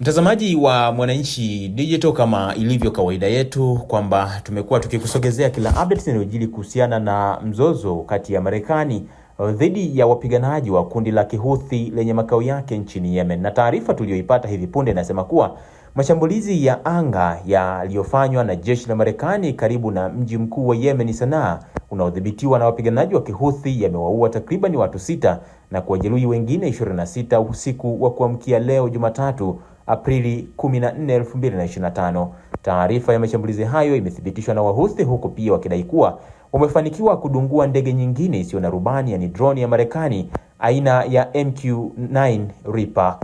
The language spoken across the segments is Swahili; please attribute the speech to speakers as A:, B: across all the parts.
A: Mtazamaji wa Mwananchi Digital, kama ilivyo kawaida yetu kwamba tumekuwa tukikusogezea kila updates inayojili kuhusiana na mzozo kati ya Marekani uh, dhidi ya wapiganaji wa kundi la Kihuthi lenye makao yake nchini Yemen, na taarifa tuliyoipata hivi punde inasema kuwa mashambulizi ya anga yaliyofanywa na jeshi la Marekani karibu na mji mkuu wa Yemen, Sanaa, unaodhibitiwa na wapiganaji wa Kihuthi yamewaua takriban watu sita na kuwajeruhi wengine 26 usiku wa kuamkia leo Jumatatu Aprili 14, 2025. Taarifa ya mashambulizi hayo imethibitishwa na Wahuthi huku pia wakidai kuwa wamefanikiwa kudungua ndege nyingine isiyo na rubani yaani droni ya Marekani aina ya MQ-9 Reaper.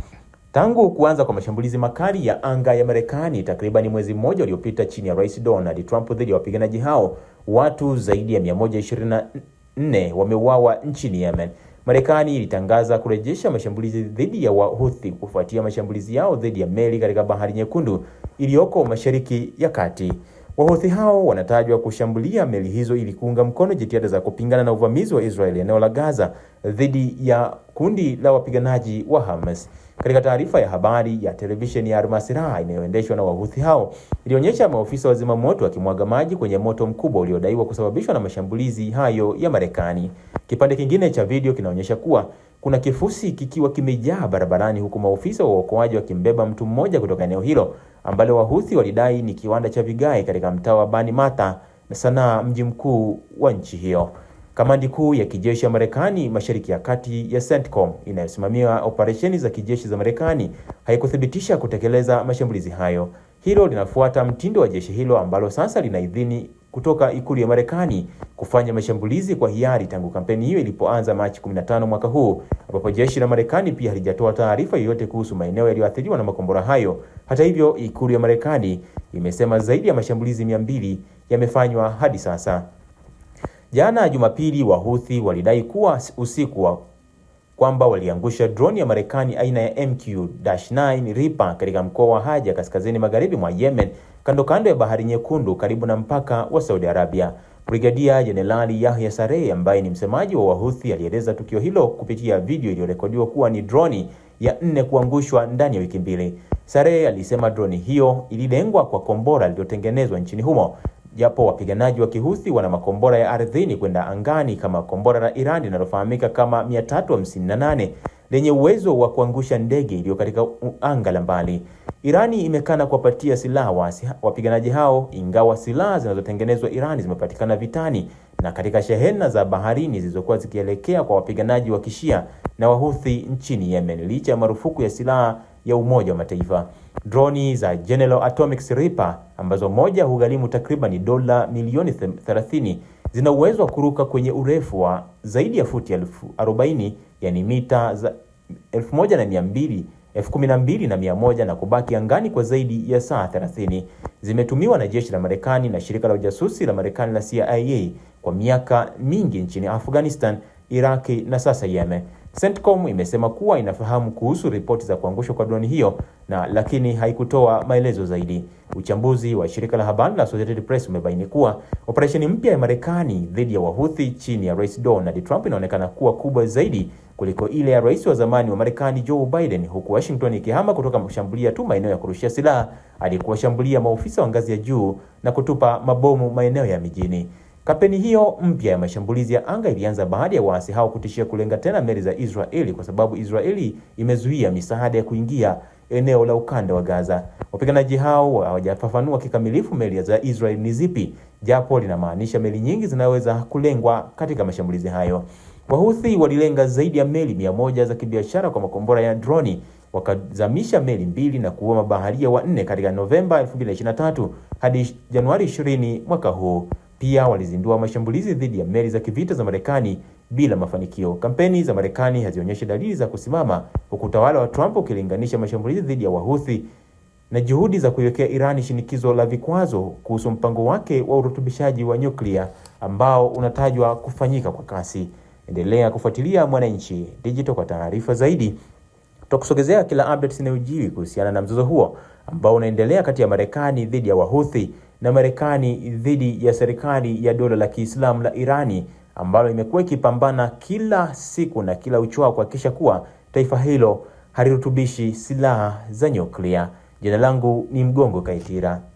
A: Tangu kuanza kwa mashambulizi makali ya anga ya Marekani takriban mwezi mmoja uliopita chini ya Rais Donald Trump dhidi ya wapiganaji hao, watu zaidi ya 124 wameuawa nchini Yemen. Marekani ilitangaza kurejesha mashambulizi dhidi ya wahuthi kufuatia mashambulizi yao dhidi ya meli katika Bahari Nyekundu iliyoko Mashariki ya Kati. Wahouthi hao wanatajwa kushambulia meli hizo ili kuunga mkono jitihada za kupingana na uvamizi wa Israeli eneo la Gaza dhidi ya kundi la wapiganaji wa Hamas. Katika taarifa ya habari ya televisheni ya al inayoendeshwa na Wahouthi hao ilionyesha maofisa wa zimamoto wakimwaga maji kwenye moto mkubwa uliodaiwa kusababishwa na mashambulizi hayo ya Marekani. Kipande kingine cha video kinaonyesha kuwa kuna kifusi kikiwa kimejaa barabarani, huku maofisa wa uokoaji wakimbeba mtu mmoja kutoka eneo hilo ambalo Wahuthi walidai ni kiwanda cha vigae katika mtaa wa Bani Mata na Sanaa, mji mkuu wa nchi hiyo. Kamandi kuu ya kijeshi ya Marekani Mashariki ya Kati ya CENTCOM inayosimamia operesheni za kijeshi za Marekani haikuthibitisha kutekeleza mashambulizi hayo. Hilo linafuata mtindo wa jeshi hilo ambalo sasa lina idhini kutoka ikulu ya Marekani kufanya mashambulizi kwa hiari tangu kampeni hiyo ilipoanza Machi 15 mwaka huu, ambapo jeshi la Marekani pia halijatoa taarifa yoyote kuhusu maeneo yaliyoathiriwa na makombora hayo. Hata hivyo, ikulu ya Marekani imesema zaidi ya mashambulizi 200 yamefanywa hadi sasa. Jana Jumapili, Wahuthi walidai kuwa usiku wa kwamba waliangusha droni ya Marekani aina ya MQ-9 Reaper katika mkoa wa Haja kaskazini magharibi mwa Yemen, kando kando ya Bahari Nyekundu karibu na mpaka wa Saudi Arabia. Brigadia Jenerali Yahya sarey ambaye ni msemaji wa Wahuthi alieleza tukio hilo kupitia video iliyorekodiwa kuwa ni droni ya nne kuangushwa ndani ya wiki mbili. sare alisema droni hiyo ililengwa kwa kombora lililotengenezwa nchini humo japo wapiganaji wa Kihuthi wana makombora ya ardhini kwenda angani kama kombora la Iran linalofahamika kama 358 lenye uwezo wa kuangusha ndege iliyo katika anga la mbali. Irani imekana kuwapatia silaha wapiganaji hao, ingawa silaha zinazotengenezwa iran zimepatikana vitani na katika shehena za baharini zilizokuwa zikielekea kwa wapiganaji wa Kishia na Wahuthi nchini Yemen, licha ya marufuku ya silaha ya Umoja wa Mataifa. Droni za General Atomics Reaper ambazo moja hugharimu takribani dola milioni 30 zina uwezo wa kuruka kwenye urefu wa zaidi ya futi 40 yani mita za 1200 12100 na kubaki angani kwa zaidi ya saa 30. Zimetumiwa na jeshi la Marekani na shirika la ujasusi la Marekani la CIA kwa miaka mingi nchini Afghanistan, Iraki na sasa Yemen. Centcom imesema kuwa inafahamu kuhusu ripoti za kuangushwa kwa droni hiyo na lakini haikutoa maelezo zaidi. Uchambuzi wa shirika la habari la Associated Press umebaini kuwa operesheni mpya ya Marekani dhidi ya Wahuthi chini ya Rais Donald Trump inaonekana kuwa kubwa zaidi kuliko ile ya rais wa zamani wa Marekani Joe Biden, huku Washington ikihama kutoka kushambulia tu maeneo ya kurushia silaha hadi kuwashambulia maofisa wa ngazi ya juu na kutupa mabomu maeneo ya mijini. Kampeni hiyo mpya ya mashambulizi ya anga ilianza baada ya waasi hao kutishia kulenga tena meli za Israeli kwa sababu Israeli imezuia misaada ya kuingia eneo la ukanda wa Gaza. Wapiganaji hao hawajafafanua kikamilifu meli za Israel ni zipi, japo linamaanisha meli nyingi zinaweza kulengwa katika mashambulizi hayo. Wahuthi walilenga zaidi ya meli mia moja za kibiashara kwa makombora ya droni, wakazamisha meli mbili na kuua mabaharia wanne katika Novemba 2023 hadi Januari 20 mwaka huu. Pia walizindua mashambulizi dhidi ya meli za kivita za Marekani bila mafanikio. Kampeni za Marekani hazionyeshi dalili za kusimama, huku utawala wa Trump ukilinganisha mashambulizi dhidi ya Wahuthi na juhudi za kuiwekea Irani shinikizo la vikwazo kuhusu mpango wake wa urutubishaji wa nyuklia ambao unatajwa kufanyika kwa kasi. Endelea kufuatilia Mwananchi Digital kwa taarifa zaidi. Tutakusogezea kila update inayojiri kuhusiana na mzozo huo ambao unaendelea kati ya Marekani dhidi ya Wahuthi na Marekani dhidi ya serikali ya dola la Kiislamu la Irani ambalo imekuwa ikipambana kila siku na kila uchao kuhakikisha kuwa taifa hilo halirutubishi silaha za nyuklia. Jina langu ni Mgongo Kaitira.